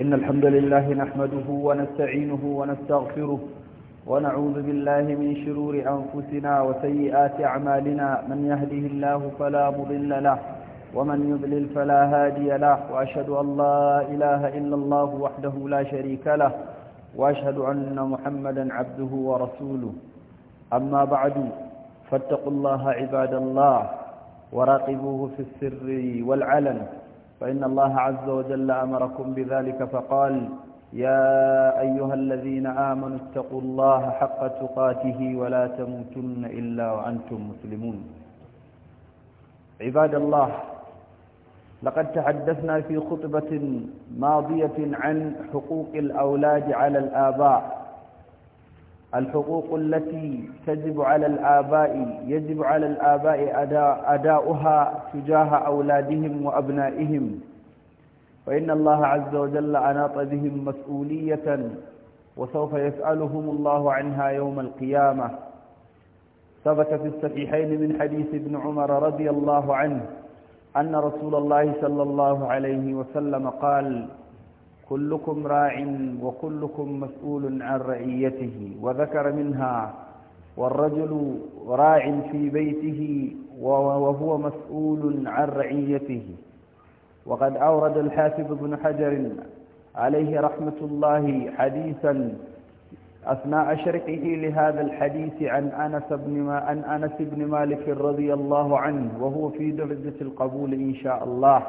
إن الحمد لله نحمده ونستعينه ونستغفره ونعوذ بالله من شرور أنفسنا وسيئات أعمالنا من يهده الله فلا مضل له ومن يضلل فلا هادي له وأشهد أن لا إله إلا الله وحده لا شريك له وأشهد أن محمدا عبده ورسوله أما بعد فاتقوا الله عباد الله وراقبوه في السر والعلن فإن الله عز وجل أمركم بذلك فقال يا أيها الذين آمنوا اتقوا الله حق تقاته ولا تموتن إلا وأنتم مسلمون عباد الله لقد تحدثنا في خطبة ماضية عن حقوق الأولاد على الآباء الحقوق التي تجب على الآباء يجب على الآباء أداء أداؤها تجاه أولادهم وأبنائهم فإن الله عز وجل أناط بهم مسؤولية وسوف يسألهم الله عنها يوم القيامة ثبت في الصحيحين من حديث ابن عمر رضي الله عنه أن رسول الله صلى الله عليه وسلم قال كلكم راع وكلكم مسؤول عن رعيته وذكر منها والرجل راع في بيته وهو مسؤول عن رعيته وقد أورد الحافظ بن حجر عليه رحمة الله حديثا أثناء شرحه لهذا الحديث عن أنس بن ما أن أنس بن مالك رضي الله عنه وهو في درجة القبول إن شاء الله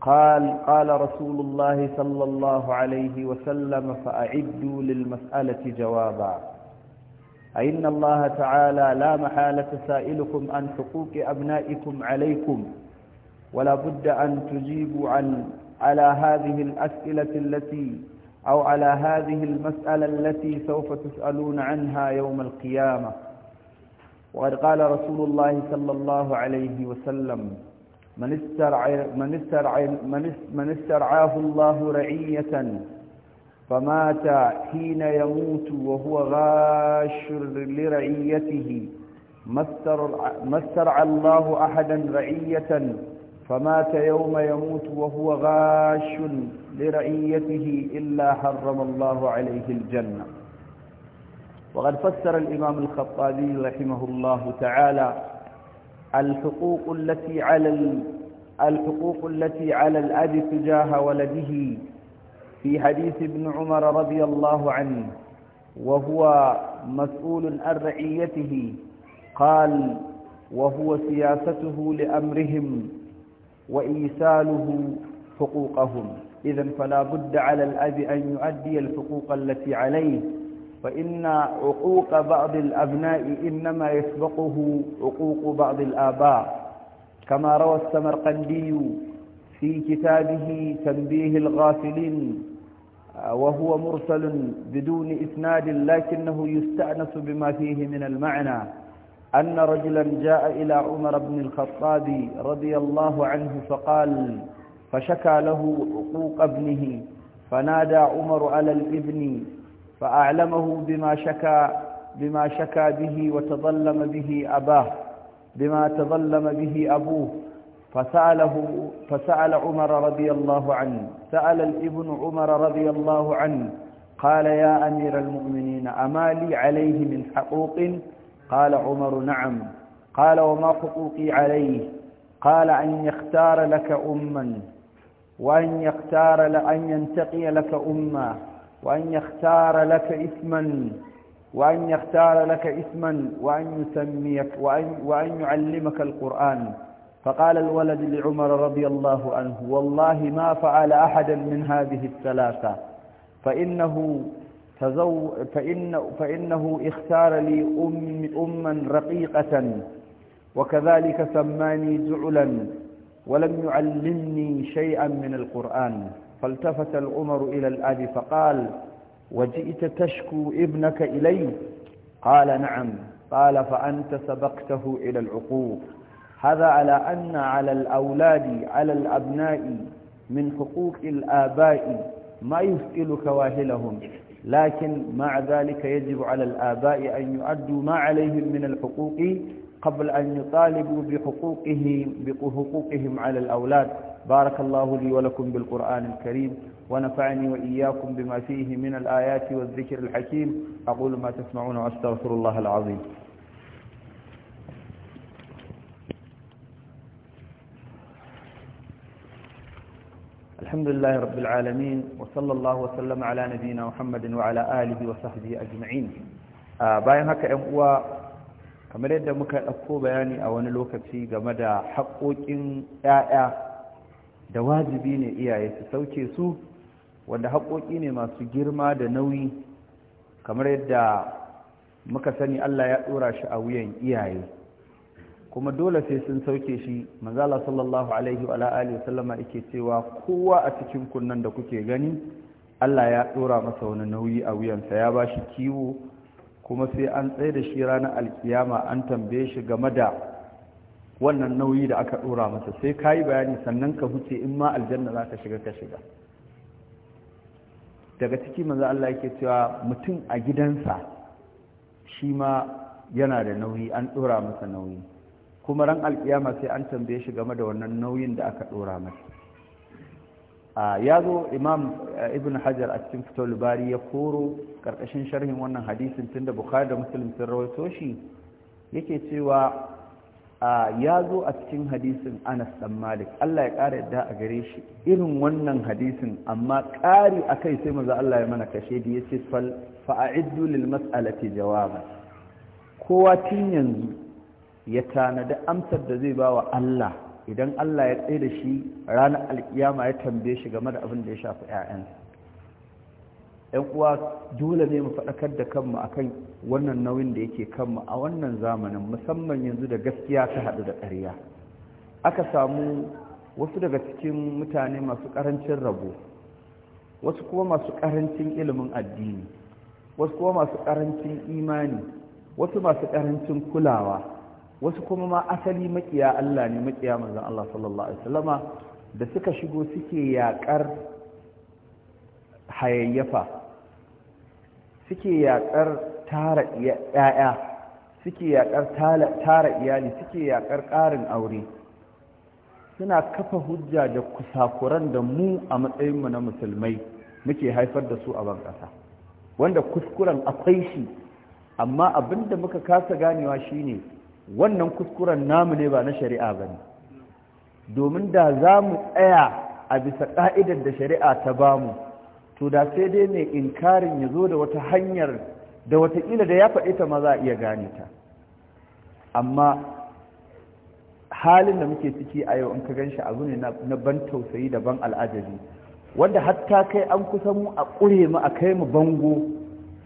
قال قال رسول الله صلى الله عليه وسلم فأعدوا للمسألة جوابا أن الله تعالى لا محالة سائلكم عن حقوق أبنائكم عليكم ولا بد أن تجيبوا عن على هذه الأسئلة التي أو على هذه المسألة التي سوف تسألون عنها يوم القيامة وقد قال رسول الله صلى الله عليه وسلم من استرعى من استرعى من استرعاه الله رعية فمات حين يموت وهو غاش لرعيته ما استرعى الله أحدا رعية فمات يوم يموت وهو غاش لرعيته إلا حرم الله عليه الجنة وقد فسر الإمام الخطابي رحمه الله تعالى الحقوق التي على الحقوق التي على الأب تجاه ولده في حديث ابن عمر رضي الله عنه وهو مسؤول عن رعيته قال وهو سياسته لأمرهم وإيساله حقوقهم إذا فلا بد على الأب أن يؤدي الحقوق التي عليه فإن عقوق بعض الأبناء إنما يسبقه عقوق بعض الآباء كما روى السمرقندي في كتابه تنبيه الغافلين وهو مرسل بدون إسناد لكنه يستأنس بما فيه من المعنى أن رجلا جاء إلى عمر بن الخطاب رضي الله عنه فقال فشكى له عقوق ابنه فنادى عمر على الابن فأعلمه بما شكى بما شكى به وتظلم به أباه بما تظلم به أبوه فسأله فسأل عمر رضي الله عنه سأل الابن عمر رضي الله عنه قال يا أمير المؤمنين أما لي عليه من حقوق قال عمر نعم قال وما حقوقي عليه قال أن يختار لك أما وأن يختار لأن ينتقي لك أما وأن يختار لك اسما وأن يختار لك اسما وأن يسميك وأن, وأن يعلمك القرآن فقال الولد لعمر رضي الله عنه والله ما فعل أحدا من هذه الثلاثة فإنه تزو فإن فإنه اختار لي أم أما رقيقة وكذلك سماني زعلا ولم يعلمني شيئا من القرآن فالتفت العمر إلى الأب فقال وجئت تشكو ابنك إلي قال نعم قال فأنت سبقته إلى العقوق هذا على أن على الأولاد على الأبناء من حقوق الآباء ما يثقل كواهلهم لكن مع ذلك يجب على الآباء أن يؤدوا ما عليهم من الحقوق قبل أن يطالبوا بحقوقهم بحقوقهم على الأولاد بارك الله لي ولكم بالقرآن الكريم ونفعني وإياكم بما فيه من الآيات والذكر الحكيم أقول ما تسمعون وأستغفر الله العظيم الحمد لله رب العالمين وصلى الله وسلم على نبينا محمد وعلى آله وصحبه أجمعين آه، باين هكا kamar yadda muka ɗauko bayani a wani lokaci game da haƙoƙin 'ya'ya da wajibi ne iyaye su sauke su wanda haƙoƙi ne masu girma da nauyi kamar yadda muka sani Allah ya ɗora shi a wuyan iyaye kuma dole sai sun sauke shi manzala sallallahu alaihi wa alihi wa sallama yake cewa kowa a cikin kunnan da kuke gani Allah ya ɗora masa wani nauyi a wuyansa ya ba shi kiwo kuma sai an tsaye da shi ranar alkiyama an tambaye shi game da wannan nauyi da aka ɗora masa sai ka yi bayani sannan ka huce in ma aljanna za ka shiga ka shiga daga ciki maza Allah yake cewa mutum a gidansa shi ma yana da nauyi an ɗora masa nauyi kuma ran alkiyama sai an tambaye shi game da wannan nauyin da aka ɗora masa ya zo imam ibn hajar a cikin fito libari ya koro karkashin sharhin wannan hadisin tun da bukhari da musulun sun rawaito shi yake cewa ya zo a cikin hadisin anas dan malik allah ya ƙara yadda a gare shi irin wannan hadisin amma ƙari a kai sai maza allah ya mana kashe da ya ce fa'a'iddu lil mas'alati jawaban kowa tun yanzu ya tanadi amsar da zai ba wa allah idan Allah ya tsaye da shi ranar alkiyama ya tambaye shi game da abin da ya shafi 'ya'yansa ‘yan uwa dole ne mu faɗakar da kanmu akan wannan nauyin da yake kanmu a wannan zamanin musamman yanzu da gaskiya ta haɗu da ƙarya aka samu wasu daga cikin mutane masu ƙarancin rabo wasu kuma masu ƙarancin ilimin addini wasu kuma masu ƙarancin imani wasu masu ƙarancin kulawa wasu kuma ma asali makiya Allah ne makiya manzon Allah sallallahu alaihi wasallama da suka shigo suke yakar hayayyafa suke yakar tara ƴaƴa suke yakar tara iyali suke yakar ƙarin aure suna kafa hujja da kusakuran da mu a matsayin mu na musulmai muke haifar da su a ban kasa wanda kuskuren akwai shi amma abinda muka kasa ganewa shine wannan kuskuren namu ne ba na shari'a ba ne domin da za mu tsaya a bisa ƙa'idar da shari'a ta ba mu to da sai dai mai inkarin ya zo da wata hanyar da watakila da ya faɗi ta ma za a iya gane ta amma halin da muke ciki a yau in ka gan shi abu ne na ban tausayi da ban al'ajabi wanda hatta kai an kusa mu a ƙure mu a kai mu bango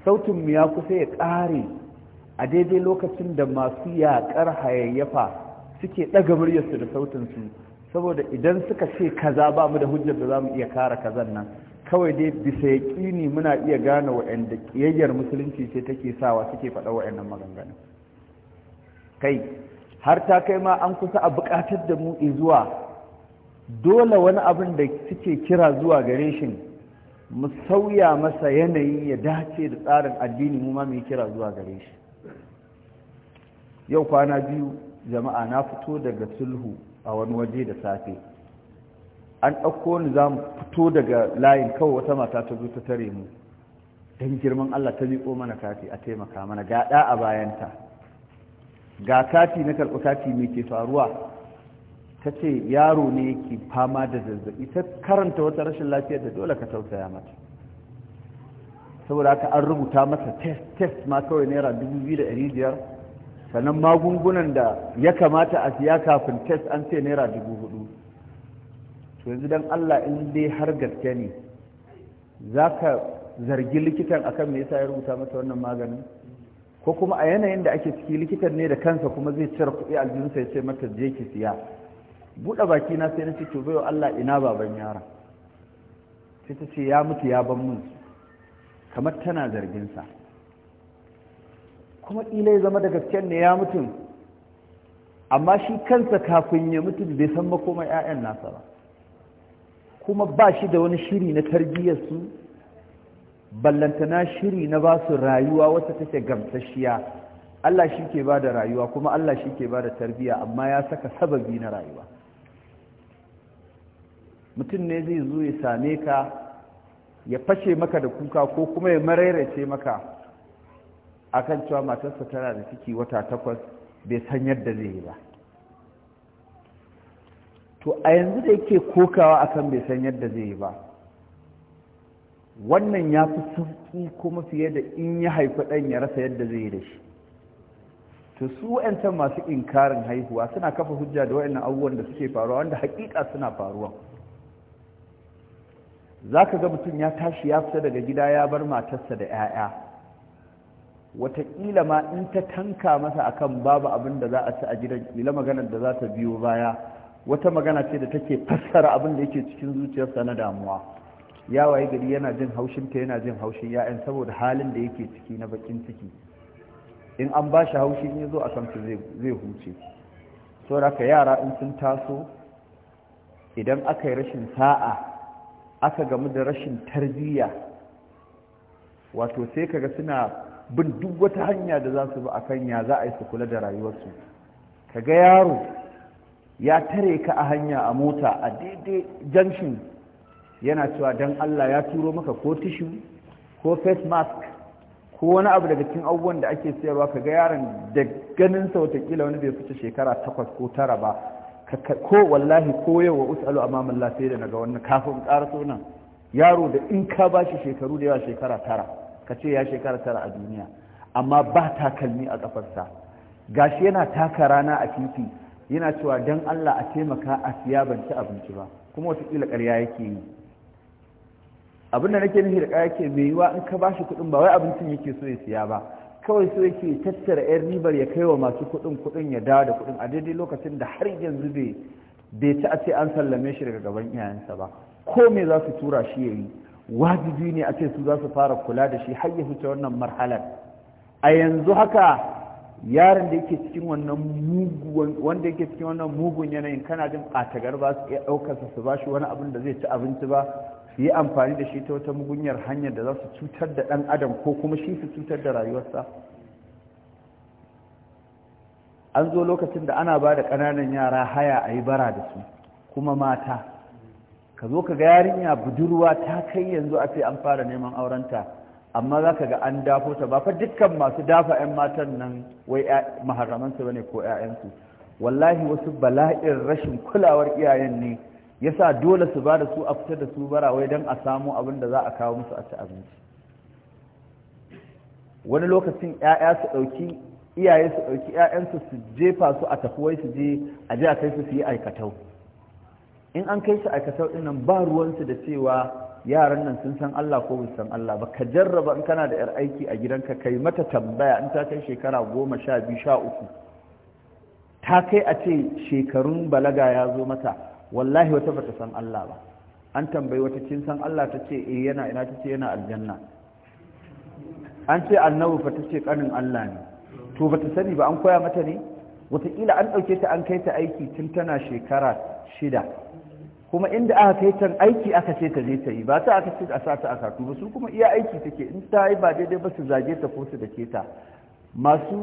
sautin mu ya kusa ya ƙare a daidai lokacin da masu yaƙar hayayyafa suke ɗaga muryarsu da sautinsu saboda idan suka ce kaza ba mu da hujjar da za mu iya kara kazan nan kawai dai bisa yaƙini muna iya gane waɗanda ƙiyayyar musulunci ce take sawa suke faɗa waɗannan maganganun kai har ta kai ma an kusa a buƙatar da mu zuwa dole wani abin da suke kira zuwa gare shi mu sauya masa yanayi ya dace da tsarin addini mu ma mu kira zuwa gare shi yau kwana biyu jama'a na fito daga sulhu a wani waje da safe an ɗauko ni za mu fito daga layin kawai wata mata ta zo ta tare mu Dan girman Allah ta miƙo mana kati a taimaka mana ga ɗa a bayanta ga kati na karɓi kati mai ke faruwa ta ce yaro ne ke fama da zazzaɓi ta karanta wata rashin lafiyar da dole ka tausaya mata saboda haka an rubuta masa test test ma kawai naira dubu biyu da ɗari biyar sannan magungunan da ya kamata a siya kafin test an ce naira dubu hudu to yanzu don allah in dai har gaske ne za ka zargi likitan akan me yasa ya rubuta masa wannan maganin ko kuma a yanayin da ake ciki likitan ne da kansa kuma zai cire kuɗi aljihunsa ya ce mata je ki siya buɗe baki na sai na ce to bayo Allah ina baban yara. sai ta ce ya mutu ya ban mun kamar tana zargin sa kuma ƙila ya zama da gasken ne ya mutum amma shi kansa kafin ya mutum bai san makoma 'ya'yan nasa ba kuma ba shi da wani shiri na tarbiyyarsu ballantana shiri na ba su rayuwa wata take gamsashiya Allah shi ke ba da rayuwa kuma Allah shi ke ba da tarbiyya amma ya saka sababi na rayuwa mutum ne zai zo ya same ka ya fashe maka da kuka ko kuma ya mararace maka akan cewa matarsa tana da ciki wata takwas bai san yadda zai yi ba to a yanzu da yake kokawa akan bai san yadda zai yi ba wannan ya fi sauki kuma fiye da in ya haifi ɗan ya rasa yadda zai yi da shi to su wa'yancan masu inkarin haihuwa suna kafa hujja da wa'annan abubuwan da suke faruwa wanda haƙiƙa suna faruwa za ka ga mutum ya tashi ya fita daga gida ya bar matarsa da 'ya'ya wataƙila ma in ta tanka masa akan babu abin da za a ci a gidan kila maganar da za ta biyo baya wata magana ce da take fassara abin da yake cikin zuciyarsa na damuwa ya waye gari yana jin haushin ta yana jin haushin ya'yan saboda halin da yake ciki na bakin ciki in an ba shi haushi in ya zo a kansu zai huce saboda ka yara in sun taso idan aka yi rashin sa'a aka gamu da rashin tarbiyya wato sai kaga suna bin duk wata hanya da za su bi kan ya za a yi su kula da rayuwarsu ka ga yaro ya tare ka a hanya a mota a daidai junction yana cewa don allah ya turo maka ko tishu ko face mask ko wani abu daga cikin abubuwan da ake sayarwa ka ga yaron da ganinsa watakila wani bai fita shekara takwas ko tara ba ko wallahi ko yau wa usalu amaman lafiya da naga wannan kafin ƙara nan yaro da in ka ba shi shekaru da yawa shekara tara ka ce ya shekara tara a duniya amma ba takalmi a kafarsa gashi yana taka rana a titi yana cewa don Allah a taimaka a siya ban ci abinci ba kuma watakila ƙarya yake yi abin da nake nufi da ƙarya yake mai yiwa in ka bashi kuɗin ba wai abincin yake so ya siya ba kawai so yake tattara 'yan ribar ya kai wa masu kuɗin kuɗin ya dawo da kuɗin a daidai lokacin da har yanzu bai bai ci a ce an sallame shi daga gaban iyayensa ba ko me za su tura shi ya yi wajibi ne a ce su za su fara kula da shi har ya wannan marhalar a yanzu haka yaron da yake cikin wannan mugun wanda yake cikin wannan mugun yanayin kana jin ɓatagar ba su iya ɗaukar su ba shi wani abin da zai ci abinci ba su yi amfani da shi ta wata mugunyar hanyar da za su cutar da ɗan adam ko kuma shi su cutar da rayuwarsa an zo lokacin da ana ba da ƙananan yara haya a yi bara da su kuma mata ka zo ka ga yarinya budurwa ta kai yanzu a ce an fara neman aurenta amma za ka ga an dafo ta ba fa dukkan masu dafa 'yan matan nan wai maharamansu bane ko 'ya'yansu wallahi wasu bala'in rashin kulawar iyayen ne yasa dole su ba da su a fitar da su bara wai don a samu abin da za a kawo musu a ci abinci wani lokacin 'ya'ya su ɗauki iyaye su ɗauki 'ya'yansu su jefa su a tafi wai su je a je a kai su su yi aikatau in an kai shi a kasau ɗinnan ba ruwansu da cewa yaran nan sun san Allah ko ba san Allah ba ka jarraba in kana da yar aiki a gidanka kai mata tambaya in ta kai shekara goma sha biyu sha uku ta kai a ce shekarun balaga ya zo mata wallahi wata bata san Allah ba an tambayi wata kin san Allah ta ce eh yana ina ta ce yana aljanna an ce annabi fa ta ce kanin Allah ne to bata sani ba an koya mata ne wataƙila an ɗauke ta an kai ta aiki tun tana shekara shida kuma inda aka kai can aiki aka ce ta je ta yi ba ta aka ce a sa ta a katu ba su kuma iya aiki take in ta yi ba daidai ba su zage ta ko su da ke ta masu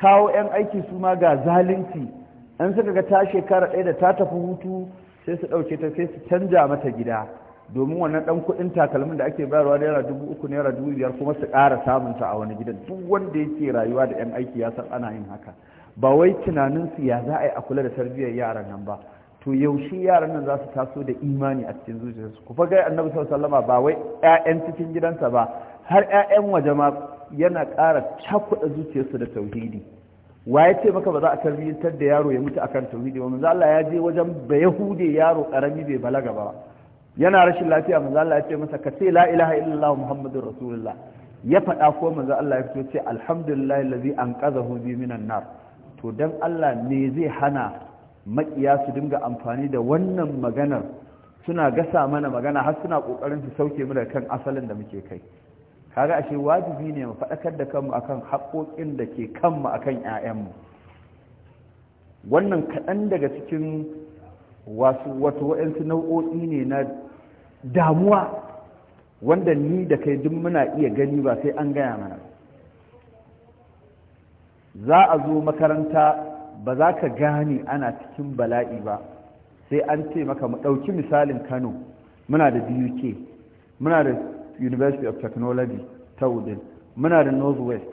kawo 'yan aiki su ma ga zalunci an suka ga ta shekara ɗaya da ta tafi hutu sai su ɗauke ta sai su canja mata gida domin wannan ɗan kuɗin takalmin da ake bayarwa naira dubu uku naira dubu biyar kuma su ƙara samun ta a wani gidan duk wanda yake rayuwa da 'yan aiki ya san ana yin haka ba wai tunaninsu ya za a yi a kula da tarbiyyar yaran nan ba to yaushe yaran nan za su taso da imani a cikin zuciyarsu ku faga annabi sallallahu ba wai ƴaƴan cikin gidansa ba har ƴaƴan waje ma yana ƙara cakuɗa zuciyarsu da tauhidi wa ya ce maka ba za a tarbiyyantar da yaro ya mutu akan tauhidi ba manzo Allah ya je wajen ba yahude yaro karami bai balaga ba yana rashin lafiya manzo Allah ya ce masa ka ce la ilaha illallah muhammadur rasulullah ya faɗa ko manzo Allah ya fito ce alhamdulillahi allazi anqadhahu bi minan nar to dan Allah ne zai hana Maƙiya su dinga amfani da wannan maganar suna gasa mana magana har suna ƙoƙarin su sauke mu daga kan asalin da muke kai kaga ashe wajibi ne mu faɗakar da kanmu akan haƙoƙin da ke kanmu akan ƴaƴanmu wannan kaɗan daga cikin wasu wato waɗansu nau'o'i ne na damuwa wanda ni da kai duk muna iya gani ba sai an gaya mana za a zo makaranta ba za ka gane ana cikin bala'i ba sai an ce maka mu ɗauki misalin kano muna da duk muna da university of technology ta wudin muna da northwest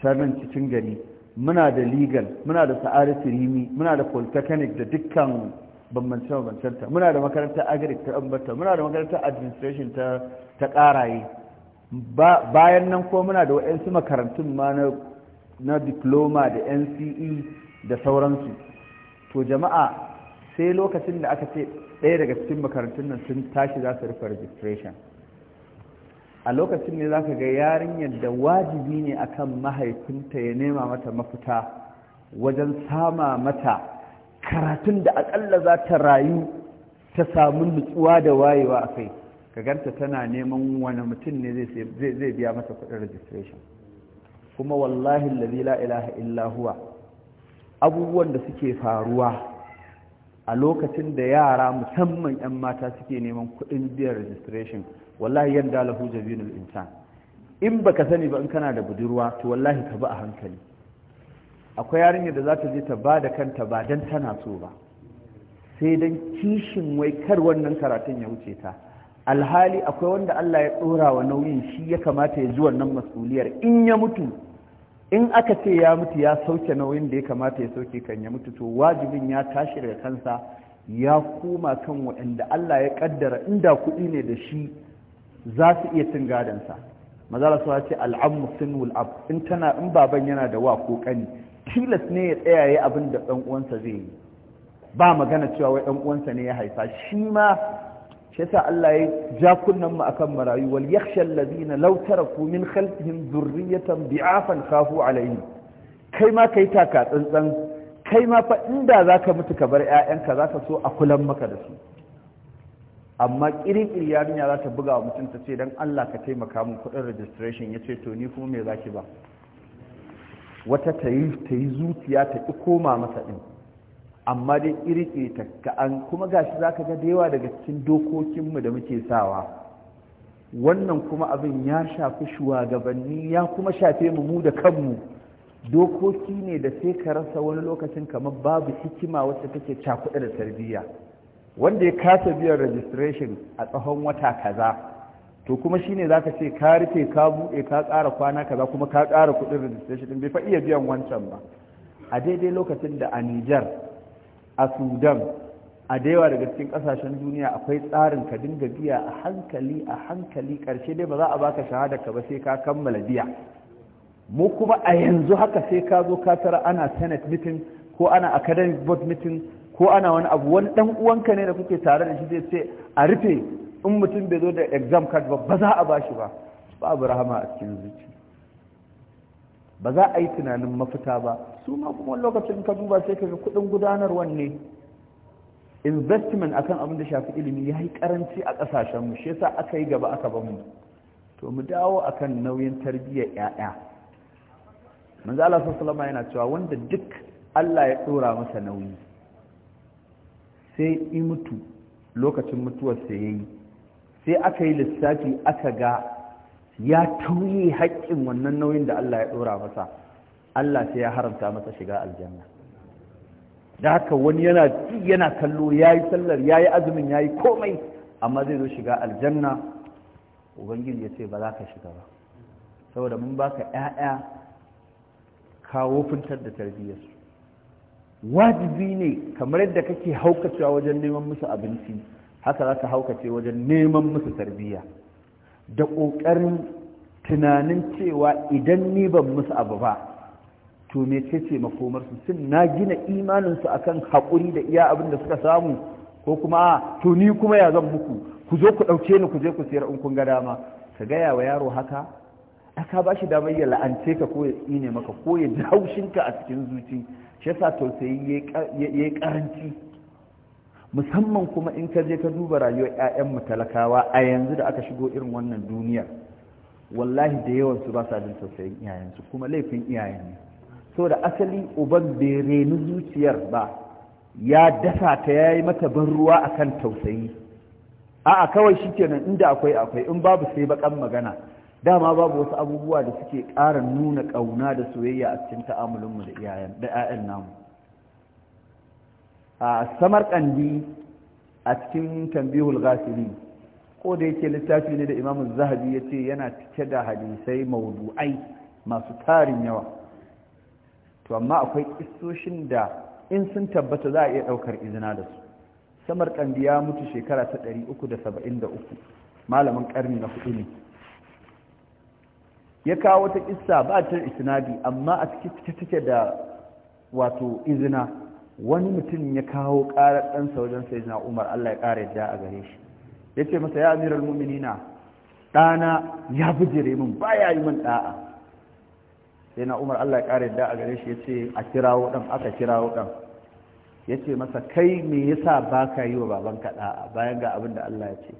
ta nan cikin gari muna da legal muna da sa'ari firimi muna da polytechnic da dukkan bambance-bambancenta muna da makarantar agric ta ambata muna da makarantar administration ta ta karaye bayan nan ko muna da wa'yansu makarantun ma na diploma da nce da sauransu to jama'a sai lokacin da aka ce ɗaya daga cikin makarantun nan sun tashi za su rufe registration a lokacin ne za ka ga yarinyar da wajibi ne akan mahaifinta ya nema mata mafita wajen sama mata karatun da akalla za ta rayu ta samu nutsuwa da wayewa a kai ka ganta tana neman wani mutum ne zai biya mata kudin registration kuma wallahi lalila ilaha illa abubuwan da suke faruwa a lokacin da yara musamman 'yan mata suke neman kuɗin biyan registration wallahi yadda lahu jabinul insan in baka sani ba in kana da budurwa to wallahi ka bi a hankali akwai yarinya da za ta je ta ba da kanta ba dan tana so ba sai don kishin wai kar wannan karatun ya wuce ta alhali akwai wanda Allah ya ɗora wa nauyin shi ya kamata ya ji wannan masuliyar in ya mutu in aka ce ya mutu ya sauke nauyin da ya kamata ya sauke kan ya mutu to wajibin ya tashi daga kansa ya koma kan waɗanda Allah ya kaddara inda kuɗi ne da shi za su iya cin gadansa mazala suwa ce al'ammu sun wul'ab in tana in baban yana da wa ko kani tilas ne ya tsaya ya abin da ɗan uwansa zai yi ba magana cewa wai ɗan uwansa ne ya haifa shi ma shi yasa Allah ya ja kunnan mu akan marayu wal yakhsha alladhina law taraku min khalfihim dhurriyatan bi'afan khafu alayhim kai ma kai taka tsantsan kai ma fa inda zaka mutu ka bar ƴaƴanka zaka so a kulan maka da su amma kirkir yarinya za ta buga wa mutum ta ce dan Allah ka taimaka min kuɗin registration yace to ni kuma me zaki ba wata ta yi zuciya ta ƙi koma masa ɗin amma dai irike ta ka'an kuma gashi za ka ga da yawa daga cikin dokokinmu da muke sawa wannan kuma abin ya shafi shugabanni ya kuma shafe mu mu da kanmu dokoki ne da sai ka rasa wani lokacin kamar babu hikima wacce take cakuɗa da tarbiyya wanda ya kasa biyan registration a tsahon wata kaza to kuma shine za ka ce ka rufe ka buɗe ka ƙara kwana kaza kuma ka ƙara kuɗin registration bai fa iya biyan wancan ba a daidai lokacin da a Nijar a sudan a da yawa daga cikin kasashen duniya akwai tsarin ka dinga biya a hankali a hankali karshe dai ba za a baka shahada ka ba sai ka kammala biya mu kuma a yanzu haka sai ka zo ka tara ana senate meeting ko ana academic board meeting ko ana wani abu wani dan uwanka ne da kuke tare da shi zai ce a rufe in mutum bai zo da exam card ba ba za a bashi ba ba abu rahama a cikin zuci ba za a yi tunanin mafita ba su ma kuma lokacin ka duba sai ka ga kuɗin gudanarwan ne investment akan abin da shafi ilimi ya yi karanci a ƙasashenmu shi yasa aka yi gaba aka bamu to mu dawo akan nauyin tarbiyyar 'ya'ya manzo Allah sallallahu alaihi yana cewa wanda duk Allah ya dora masa nauyi sai i mutu lokacin mutuwar sa yayi sai aka yi lissafi aka ga ya tauye haƙƙin wannan nauyin da Allah ya dora masa Allah sai ya haramta masa shiga aljanna da haka wani yana yana kallo yayi sallar yayi azumin yayi komai amma zai zo shiga aljanna ubangiji ya ce ba za ka shiga ba saboda mun baka 'ya'ya kawo fintar da tarbiyyarsu wajibi ne kamar yadda kake haukacewa wajen neman musu abinci haka za ka haukace wajen neman musu tarbiyya da ƙoƙarin tunanin cewa idan ni ban musu abu ba to me ce ce makomarsu sun na gina imaninsu akan haƙuri da iya abin da suka samu ko kuma to ni kuma ya zan muku ku zo ku ɗauke ni ku je ku sayar in kun ga dama ka gaya wa yaro haka aka ba shi damar ya la'ance ka ko ya tsine maka ko ya ji haushinka a cikin zuci shi yasa tausayi ya yi karanci musamman kuma in ka je ka duba rayuwar mu talakawa a yanzu da aka shigo irin wannan duniyar wallahi da yawansu ba sa jin tausayin iyayensu kuma laifin iyayen ne so da asali uban bai reni zuciyar ba ya dasa ta ya yi mata ban ruwa a kan tausayi a'a kawai shi kenan inda akwai akwai in babu sai baƙan magana dama babu wasu abubuwa da suke ƙara nuna ƙauna da soyayya a cikin ta'amulinmu da ‘ya'yan namu a samar kandi a cikin tambihul gasiri ko da yake littafi ne da imamu zahabi ya ce yana cike da hadisai maudu'ai masu tarin yawa to amma akwai kistoshin da in sun tabbata za a iya ɗaukar izina da su samar kandi ya mutu shekara ta ɗari 373 malamin ƙarni na hudu ne ya kawo wata kissa ba ta isnadi amma a cikin take da wato izina wani mutum ya kawo ƙarar ɗansa wajen zina umar allah ya ƙara yadda a gare shi ya ce masa ya amiral muminina ɗana ya bijire min baya yi min ɗa'a sai na umar allah ya ƙara yadda a gare shi ya ce a kirawo ɗan aka kirawo ɗan ya ce masa kai me yasa ba ka yi wa babanka ɗa'a bayan ga abin da allah ya ce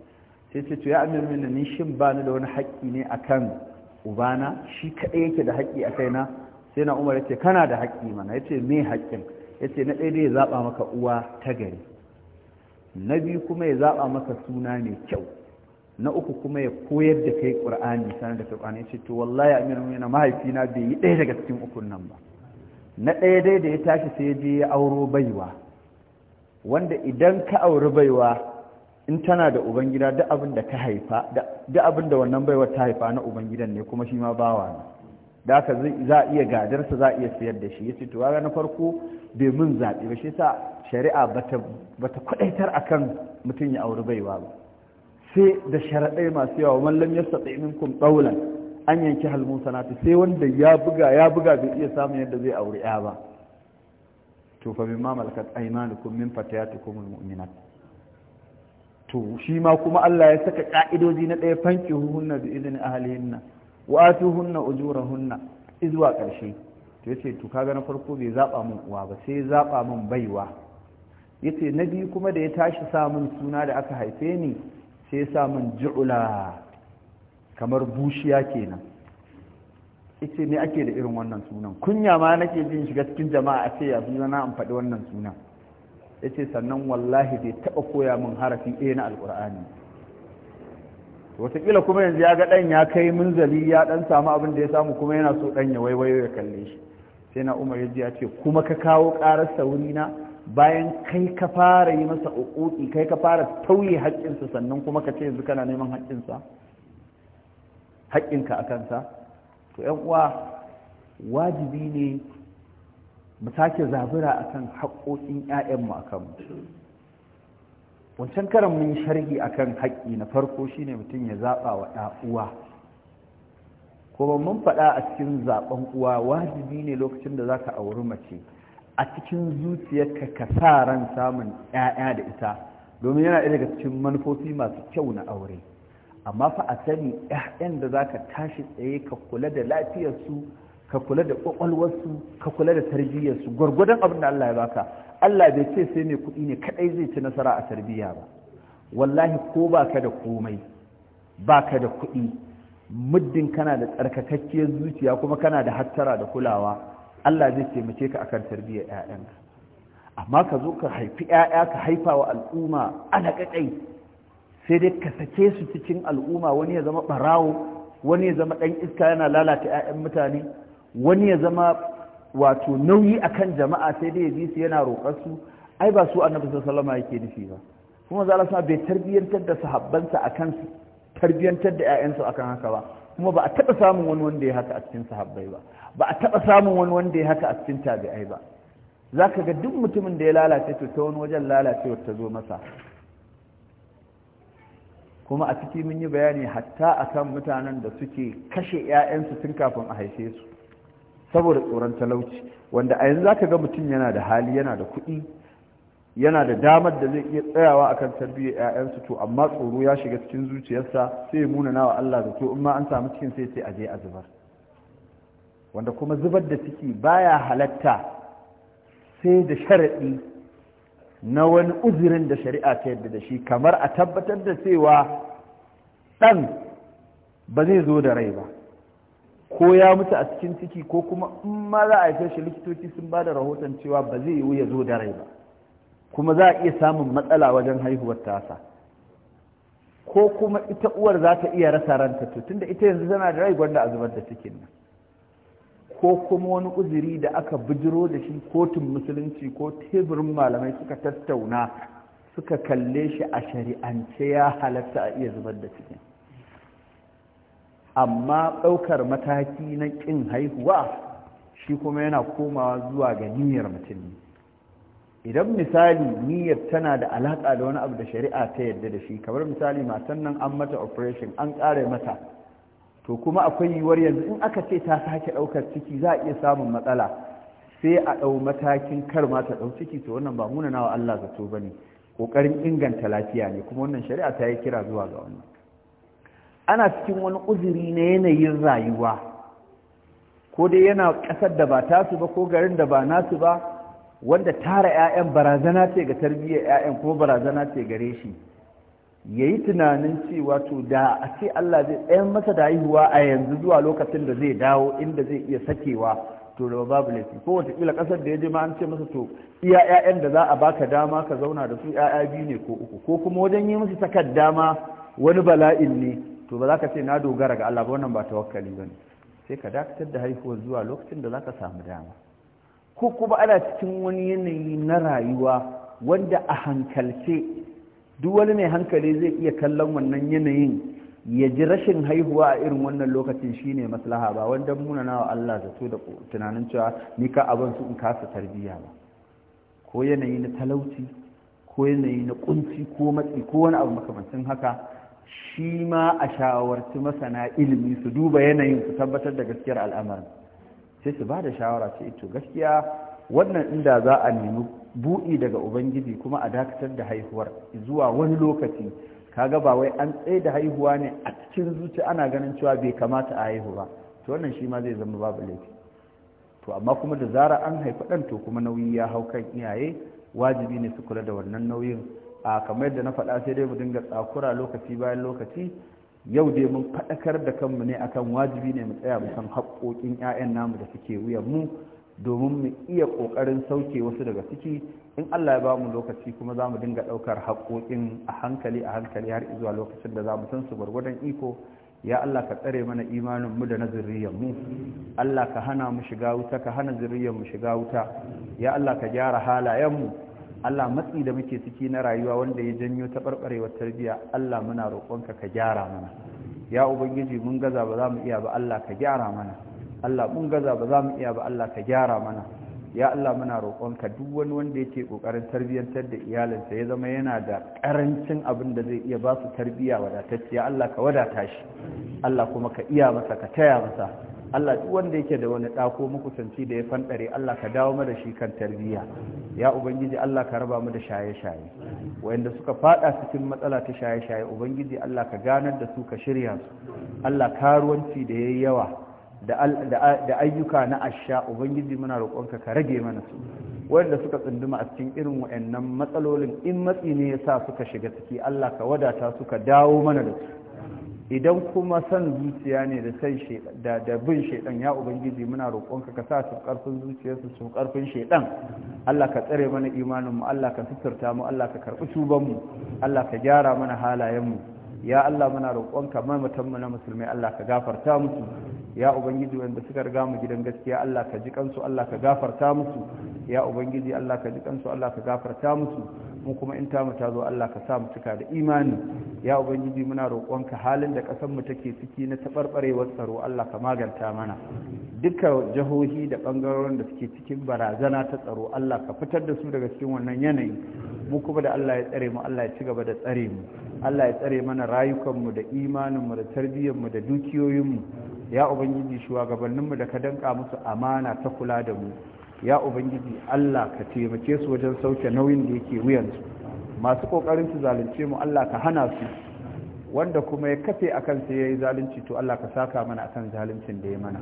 sai ce to ya amir mini ni shin ba ni da wani haƙƙi ne akan ubana shi kaɗai yake da haƙƙi a na. sai na umar ya ce kana da haƙƙi mana ya ce me haƙƙin ya ce na ɗaya dai ya zaɓa maka uwa ta gari na biyu kuma ya zaɓa maka suna mai kyau na uku kuma ya koyar da kai ƙur'ani sanar da kai ya ce to wallahi amir yana mahaifina bai yi ɗaya daga cikin ukun nan ba na ɗaya dai da ya tashi sai je ya auro baiwa wanda idan ka auri baiwa in tana da ubangida duk abin da ka haifa duk abin da wannan baiwa ta haifa na ubangidan ne kuma shi ma bawa ne da haka za a iya gadarsa za a iya sayar da shi ya ce to wa na farko bai mun zaɓi ba shi sa shari'a bata kwaɗaitar kan mutum ya auri baiwa ba sai da sharaɗai masu yawa mallam ya saɗa minkum ɗaulan an yanki halmusanati sai wanda ya buga ya buga bai iya samun yadda zai aure ya ba to fa mimma malakat aymanukum min fatayatikum almu'minat to shi ma kuma Allah ya saka ka'idoji na ɗaya fanki hunna bi idni ahlihinna wa atuhunna ujurahunna izwa ƙarshe to yace to kaga na farko bai zaba mun uwa ba sai zaba mun baiwa yace na biyu kuma da ya tashi sa mun suna da aka haife ni sai ya samun ji'ula kamar bushiya kenan ita ne ake da irin wannan sunan kunya ma nake jin shiga cikin jama'a a ce ya suna na faɗi wannan sunan ya ce sannan wallahi bai taɓa koya min harafi ɗaya na alƙur'ani wataƙila kuma yanzu ya ga ɗan ya kai munzali ya ɗan samu abin da ya samu kuma yana so ɗan ya waiwayo ya kalle shi sai na umar ya ce kuma ka kawo ƙarar sauri na bayan kai ka fara yi masa uquqi kai ka fara tauye haƙƙinsa sannan kuma ka ce yanzu kana neman haƙƙinsa haƙƙinka a kansa to 'yan uwa wajibi ne mu sake zabura akan haƙƙoƙin 'ya'yanmu akan mu wancan karan mun sharhi akan haƙƙi na farko shine mutum ya zaɓa wa ɗa'uwa. uwa kuma mun faɗa a cikin zaɓen uwa wajibi ne lokacin da za ka auri mace a cikin zuciyarka ka sa ran samun 'ya'ya da ita domin yana ɗaya daga cikin manufofi masu kyau na aure amma fa a sani 'ya'yan da za ka tashi tsaye ka kula da lafiyarsu ka kula da ƙwaƙwalwarsu ka kula da tarbiyyarsu gwargwadon abin da Allah ya baka Allah bai ce sai mai kuɗi ne kaɗai zai ci nasara a tarbiyya ba wallahi ko baka da komai baka da kuɗi muddin kana da tsarkakakkiyar zuciya kuma kana da hattara da kulawa Allah zai taimake ka akan tarbiyyar 'ya'yanka, amma ka zo ka haifi 'ya'ya ka haifa wa al'umma ana kakai sai dai ka sake su cikin al'umma wani ya zama barawo wani ya zama ɗan iska yana lalata 'ya'yan mutane wani ya zama wato nauyi akan jama'a sai dai ya ji su yana roƙar su ai ba su annabi sallallahu alaihi yake nufi ba kuma za sa bai tarbiyyantar da sahabbansa akan su tarbiyyantar da ƴaƴansu akan haka ba kuma ba a taɓa samun wani wanda ya haka a cikin sahabbai ba ba a taɓa samun wani wanda ya haka a cikin tabi'ai ba za ka ga duk mutumin da ya lalace to ta wani wajen lalacewar ta zo masa kuma a ciki mun yi bayani hatta akan mutanen da suke kashe 'ya'yansu tun kafin a haife su saboda tsoron talauci wanda a yanzu za ka ga mutum yana da hali yana da kuɗi yana da damar da zai iya tsayawa a kan tarbiyyar 'ya'yansu to amma tsoro ya shiga cikin zuciyarsa sai ya muna nawa Allah to in ma an samu cikin sai sai a je a zubar wanda kuma zubar da ciki baya halatta sai da sharaɗi na wani uzurin da shari'a ta yadda da shi kamar a tabbatar da cewa ɗan ba zai zo da rai ba ko ya mutu a cikin ciki ko kuma in ma za a haife shi likitoci sun ba da rahoton cewa ba zai yiwu ya zo da rai ba kuma za a iya samun matsala wajen haihuwar tasa ko kuma ita uwar za ta iya rasa ranta to tunda ita yanzu tana da rai gwanda a zubar da cikin nan ko kuma wani uzuri da aka bijiro da shi kotun musulunci ko teburin malamai suka tattauna suka kalle shi a shari'ance ya halatta a iya zubar da cikin amma ɗaukar mataki na ƙin haihuwa shi kuma yana komawa zuwa ga niyyar mutum idan misali niyyar tana da alaƙa da wani abu da shari'a ta yadda da shi kamar misali matan nan an mata operation an ƙare mata to kuma akwai yiwuwar yanzu in aka ce ta sake ɗaukar ciki za a iya samun matsala sai a ɗau matakin kar ma ta ɗau ciki to wannan ba muna nawa Allah zato ba ne ƙoƙarin inganta lafiya ne kuma wannan shari'a ta yi kira zuwa ga wannan ana cikin wani uzuri na yanayin rayuwa ko dai yana ƙasar da ba tasu ba ko garin da ba nasu ba wanda tara 'ya'yan barazana ce ga tarbiyyar 'ya'yan ko barazana ce gare shi Yayi tunanin cewa to da a ce Allah zai ɗayan masa da haihuwa a yanzu zuwa lokacin da zai dawo inda zai iya sakewa to da babu laifi ko watakila kasar da ya je ma an ce masa to iya ƴaƴan da za a baka dama ka zauna da su ƴaƴa biyu ne ko uku ko kuma wajen yi musu sakar dama wani bala'in ne to ba za ka ce na dogara ga Allah ba wannan ba tawakkali ba ne sai ka dakatar da haihuwar zuwa lokacin da za ka samu dama ko kuma ana cikin wani yanayi na rayuwa wanda a hankalce duk wani mai hankali zai iya kallon wannan yanayin ya ji rashin haihuwa a irin wannan lokacin shine maslaha ba wanda muna nawa Allah zato da tunanin cewa ni ka abin su in kasa tarbiyya ba ko yanayi na talauci ko yanayi na kunci ko matsi ko wani abu makamancin haka shi ma a shawarci masana ilimi su duba yanayin su tabbatar da gaskiyar al'amarin sai su ba da shawara ce ito gaskiya wannan inda za a nemi buɗi daga ubangiji kuma a dakatar da haihuwar zuwa wani lokaci kaga ba wai an tsaye da haihuwa ne a cikin zuci ana ganin cewa bai kamata a haihu ba to wannan shi ma zai zama babu laifi to amma kuma da zara an haifi ɗan to kuma nauyi ya hau kan iyaye wajibi ne su kula da wannan nauyin a kamar yadda na faɗa sai dai mu dinga tsakura lokaci bayan lokaci yau dai mun faɗakar da kanmu ne akan wajibi ne mu tsaya mu san haƙoƙin 'ya'yan namu da suke wuyan mu domin mu iya ƙoƙarin sauke wasu daga ciki in Allah ya ba mu lokaci kuma za mu dinga ɗaukar haƙoƙin a hankali a hankali har zuwa lokacin da za mu san su gwargwadon iko ya Allah ka tsare mana imanin mu da na mu Allah ka hana mu shiga wuta ka hana zuriyar mu shiga wuta ya Allah ka gyara halayen mu Allah matsi da muke ciki na rayuwa wanda ya janyo taɓarɓarewar tarbiyya Allah muna roƙonka ka gyara mana ya ubangiji mun gaza ba za mu iya ba Allah ka gyara mana Allah mun gaza ba za mu iya ba Allah ka gyara mana ya Allah muna roƙonka duk wani wanda yake ƙoƙarin tarbiyyantar da iyalinsa ya zama yana da ƙarancin abin da zai iya ba su tarbiyya ya Allah ka wadata shi Allah kuma ka iya masa ka taya masa Allah duk wanda yake da wani ɗako makusanci da ya fanɗare Allah ka dawo da shi kan tarbiyya ya ubangiji Allah ka raba mu da shaye-shaye wayanda suka faɗa cikin matsala ta shaye-shaye ubangiji Allah ka ganar da su ka shirya su Allah karuwanci da yayi yawa da ayyuka na asha ubangiji muna roƙonka ka rage mana su wanda suka tsunduma a cikin irin wa'annan matsalolin in matsi ne ya sa suka shiga ciki Allah ka wadata suka dawo mana da su idan kuma san zuciya ne da san da da bin shedan ya ubangiji muna roƙonka ka sa su karfin zuciyarsu su karfin shedan Allah ka tsare mana imanin mu Allah ka suturta mu Allah ka karbi tuban mu Allah ka gyara mana halayen mu ya Allah muna roƙonka ma mutum na musulmi Allah ka gafarta musu ya ubangiji wanda suka riga mu gidan gaskiya Allah ka ji kansu Allah ka gafarta musu ya ubangiji Allah ka ji kansu Allah ka gafarta musu mu kuma in ta muta zo Allah ka sa mu cika da imani ya ubangiji muna roƙonka halin da ƙasar mu take ciki na taɓarɓarewar tsaro Allah ka maganta mana duka jihohi da ɓangarorin da suke cikin barazana ta tsaro Allah ka fitar da su daga cikin wannan yanayi mu kuma da Allah ya tsare mu Allah ya ci gaba da tsare mu Allah ya tsare mana rayukanmu da imaninmu da mu da dukiyoyinmu ya ubangiji shugabanninmu da ka danka musu amana ta kula da mu ya ubangiji Allah ka taimake su wajen sauke nauyin da yake wuyansu masu kokarin su zalunce mu Allah ka hana su wanda kuma ya kafe akan sai yayi zalunci to Allah ka saka mana akan zaluncin da ya mana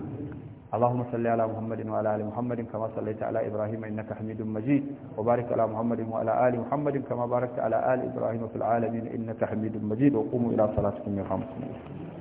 اللهم صل على محمد وعلى ال محمد كما صليت على ابراهيم انك حميد مجيد وبارك على محمد وعلى ال محمد كما باركت على ال ابراهيم في العالمين انك حميد مجيد وقوموا الى صلاتكم يرحمكم الله